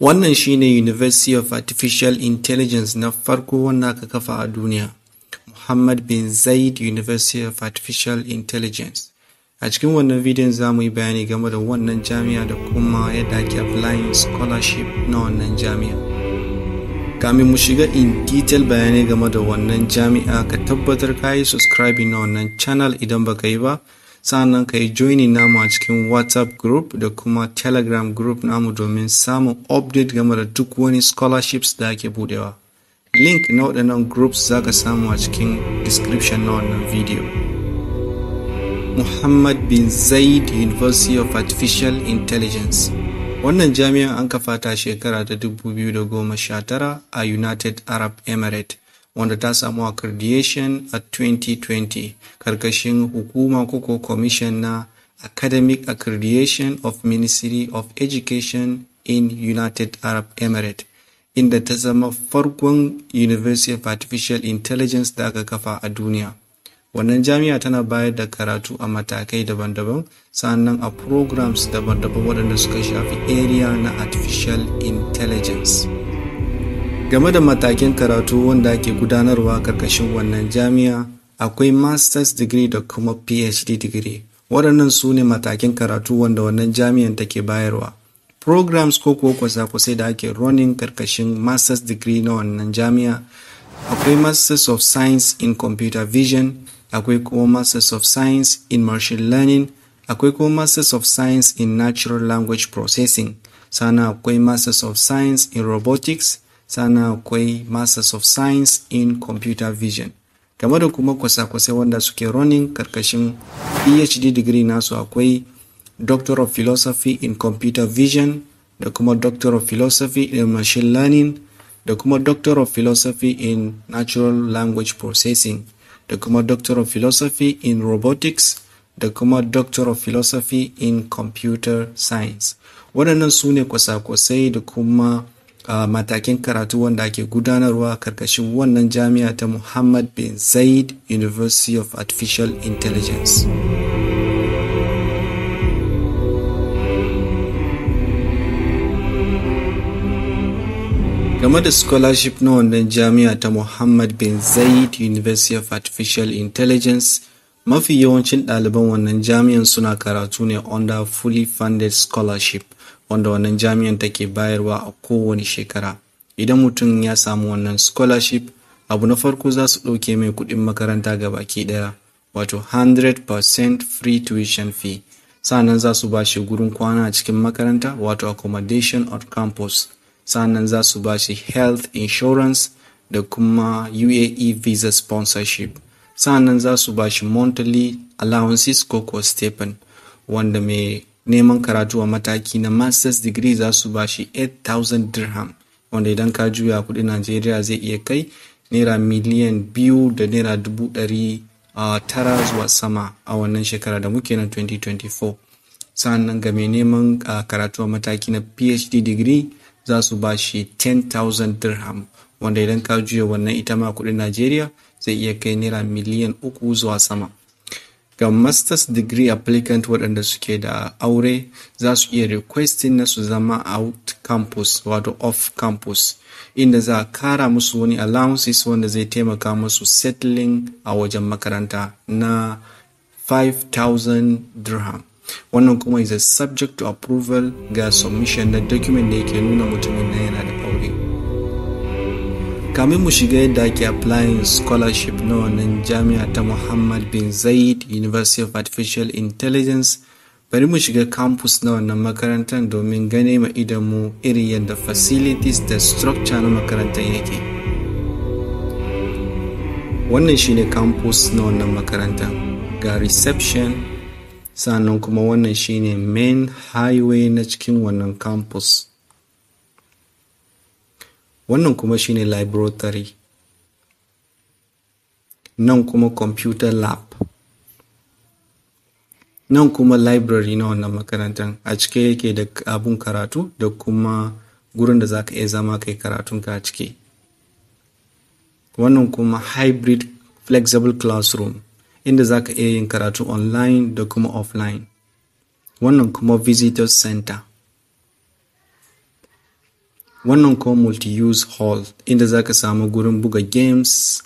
Wannan shine University of Artificial Intelligence na farko wanda aka kafa a duniya, Muhammad bin Zaid University of Artificial Intelligence. A cikin wannan bidiyon za mu yi bayani game da wannan jami'a da kuma yadda ake applying scholarship na wannan jami'a. Kamin mu shiga in detail bayanai game da wannan jami'a ka tabbatar ka yi subscribing na wannan channel idan baka yi ba. sannan ka yi joining namu a cikin whatsapp group da kuma telegram group namu domin samun update game da duk wani scholarships da ake budewa link na waɗannan groups za ka samu a cikin description na wannan video muhammad bin zaid university of artificial intelligence wannan jami'an an kafa ta shekara ta 2019 a united arab emirates wanda ta samu accreditation a 2020 karkashin hukuma koko commission na academic accreditation of ministry of education in united arab emirates inda ta zama farkon university of artificial intelligence da aka kafa a duniya wannan jami'a tana bayar da karatu a matakai daban-daban sannan a programs daban-daban waɗanda suka shafi area na artificial intelligence game da matakin karatu wanda ake gudanarwa karkashin wannan jami'a akwai masters degree da kuma phd degree waɗannan su ne matakin karatu wanda wannan jami'an take bayarwa programs ko kuwa kwasa-kwasai da ake running karkashin masters degree na wannan jami'a akwai masters of science in computer vision akwai kuma masters of science in machine learning akwai kuma masters of science in natural language processing sannan akwai masters of science in robotics sana akwai masters of science in computer vision game da kuma kwasa-kwasai wanda suke running karkashin phd degree nasu akwai doctor of philosophy in computer vision da kuma doctor of philosophy in machine learning da kuma doctor of philosophy in natural language processing da kuma doctor of philosophy in robotics da kuma doctor of philosophy in computer science waɗannan su ne kwasa-kwasai da kuma uh, matakin karatu wanda ake gudanarwa karkashin wannan jami'a ta muhammad bin zaid university of artificial intelligence game da scholarship na wannan jami'a ta muhammad bin zaid university of artificial intelligence Mafi yawancin ɗaliban wannan jami'an suna karatu ne under fully funded scholarship wanda wannan jami'an take bayarwa a kowane shekara. Idan mutum ya samu wannan scholarship, abu na farko za su ɗauke mai kuɗin makaranta ga baki ɗaya, wato 100% free tuition fee. Sannan za su ba shi gurin kwana a cikin makaranta, wato accommodation on campus. Sannan za su ba shi health insurance da kuma UAE visa sponsorship. nan za su ba shi monthly allowances ko ko stipend wanda mai neman karatu a mataki na masters degree za su ba shi 8000 dirham wanda idan ka juya kudin najeriya zai iya kai naira miliyan biyu da naira dubu ɗari tara zuwa sama a wannan shekara da muke na 2024 nan ga mai neman karatu a mataki na phd degree za su ba shi 10,000 dirham wanda idan ka juya wannan ita ma kudin najeriya zai iya kai naira miliyan uku zuwa sama ga masters degree applicant waɗanda suke da aure za su iya requesting na su zama out campus wato off campus inda za a kara musu wani allowances wanda zai taimaka musu settling a wajen makaranta na 5000 dirham wannan kuma is a subject to approval ga submission na document da yake nuna mutumin na yana kamin mu shiga yadda ake applying scholarship na wannan jami'a ta muhammad bin zaid university of artificial intelligence bari mu shiga campus na wannan makarantar domin gane ma idanmu irin yadda facilities da structure na makarantar yake wannan shine campus na wannan makarantar ga reception sannan kuma wannan shine main highway na cikin wannan campus wannan kuma shine laboratory nan kuma computer lab nan kuma library na wannan makarantar a cike yake da abun karatu da kuma gurin da za ka iya zama kai ka a cike wannan kuma hybrid flexible classroom inda za ka iya yin karatu online da kuma offline wannan kuma visitor center wannan ko multi-use hall inda za ka samu gurin buga games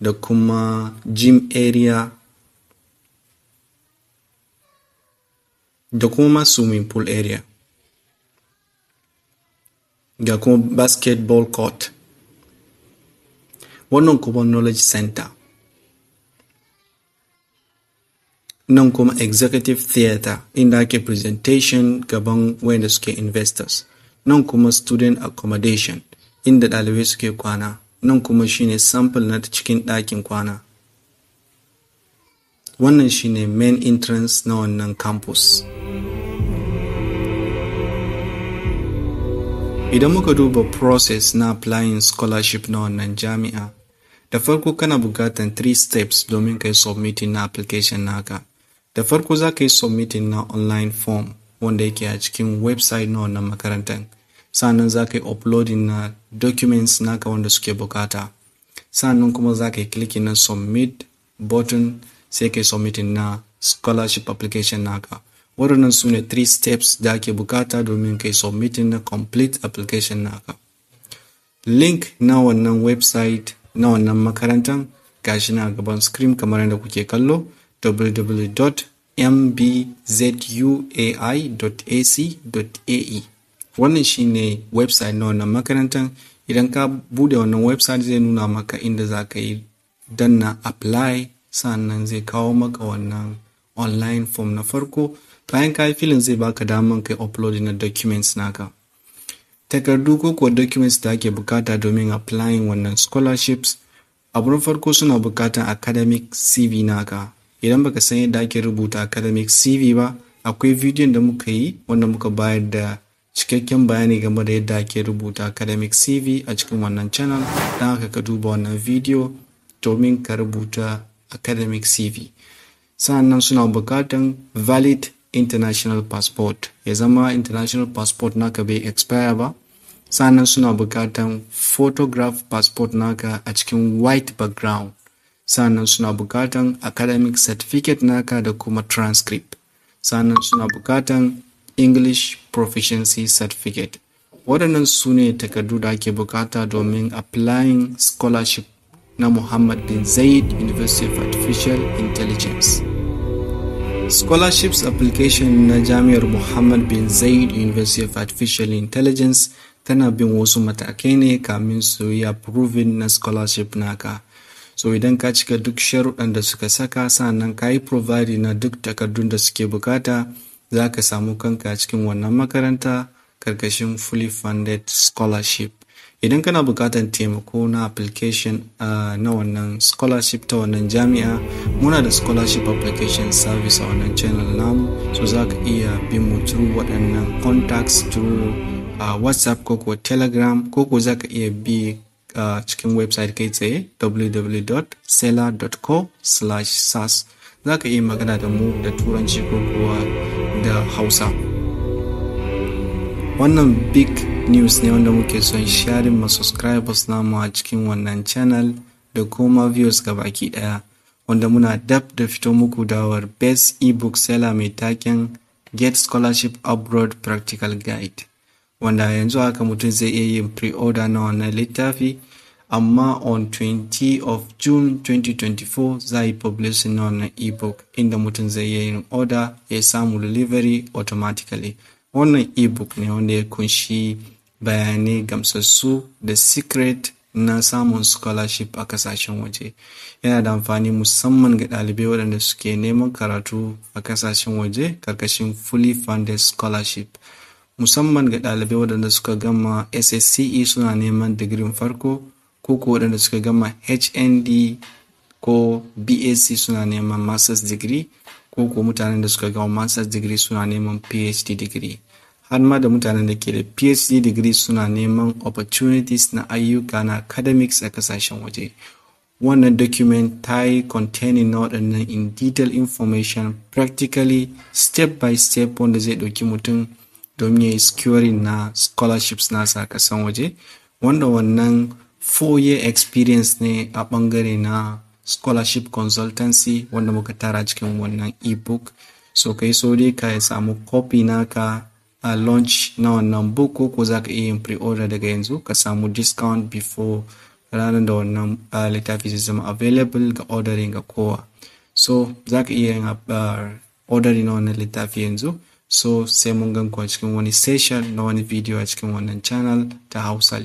da kuma gym area da kuma swimming pool area ga kuma basketball court wannan kuma knowledge center nan kuma executive theater inda ake presentation gaban wayanda suke investors nan kuma student accommodation inda ɗalibai suke kwana nan kuma shine sample na cikin ɗakin kwana wannan shine main entrance na wannan campus idan muka duba process na applying scholarship na wannan jami'a da farko kana bukatan 3 steps domin kai submitting na application naka da farko za ka yi submitting na online form wanda yake a cikin website na wannan makarantar sannan za ka yi uploading na documents naka wanda suke bukata sannan kuma za ka yi clicking na submit button sai ka yi submitting na scholarship application naka waɗannan su ne 3 steps da ake bukata domin kai submitting na complete application naka link na wannan website na wannan makarantar gashi na gaban screen kamar yadda kuke kallo www mbzuai.ac.ae wannan shine website na wannan makarantar idan ka bude wannan website zai nuna maka inda za ka yi danna apply sannan zai kawo maka wannan online form na farko bayan ka yi filin zai baka damar kai uploading na documents naka takardu ko kuwa documents da ake bukata domin applying wannan scholarships abun farko suna bukatan academic cv naka idan baka san yadda ake rubuta academic cv ba akwai bidiyon da muka yi wanda muka bayar da cikakken bayani game da yadda ake rubuta academic cv a cikin wannan channel don haka ka duba wannan video domin ka rubuta academic cv sannan suna bukatan valid international passport ya zama international passport naka bai expire ba sannan suna bukatan photograph passport naka a cikin white background sannan suna bukatan academic certificate naka da kuma transcript sannan suna bukatan english proficiency certificate waɗannan su ne takardu da ake bukata domin applying scholarship na muhammad bin zaid university of artificial intelligence scholarships application na jami'ar muhammad bin zaid university of artificial intelligence tana bin wasu matakai ne kamin su yi approving na scholarship naka so idan ka cika duk sharuɗan da suka saka sannan ka yi provide na duk takardun da suke bukata za ka samu kanka cikin wannan makaranta karkashin fully funded scholarship idan kana bukatar taimako na application uh, na wannan scholarship ta wannan jami'a muna da scholarship application service a wannan channel namu so za ka iya bin mu through waɗannan contacts through uh, whatsapp ko ko telegram ko ko za ka iya bi a cikin website kai tsaye www.seller.co slash sas za ka iya magana da mu da turanci ko kuwa da hausa wannan big news ne wanda muke son sharing ma subscribers namu a cikin wannan channel da kuma ga baki daya wanda muna dab da fito muku dawar best ebook seller mai taken get scholarship abroad practical guide wanda yanzu haka mutum zai iya yin pre-order na wannan littafi amma on 20 of june 2024 za yi publishing na wannan ebook inda mutum zai iya yin order ya samu delivery automatically wannan ebook ne wanda ya kunshi bayanai gamsassu da secret na samun scholarship a kasashen waje yana da amfani musamman ga ɗalibai waɗanda suke neman karatu a kasashen waje karkashin fully funded scholarship musamman ga ɗalibai waɗanda suka gama SSCE suna neman digirin farko ko ko waɗanda suka gama HND ko BSc suna neman Master's Degree ko ko mutanen da suka gama Master's Degree suna neman PhD Degree. Har ma da mutanen da ke da PhD Degree suna neman opportunities na ayyuka na academics a kasashen waje. wannan document ta yi containing na waɗannan in detail information practically step by step wanda zai ɗauki mutum domin ya yi securing na scholarships nasa kasan waje wanda wannan four-year experience ne a bangare na scholarship consultancy wanda muka tara cikin wannan ebook so kai so dai ka samu copy naka a launch na wannan book ko za ka iya yin pre-order daga yanzu ka samu discount before ranar da wannan uh, littafi zai zama available ga ordering ga kowa so za ka iya yin ordering na wannan littafi yanzu so sai mun ganku a cikin wani session na wani video a cikin wannan channel ta hausa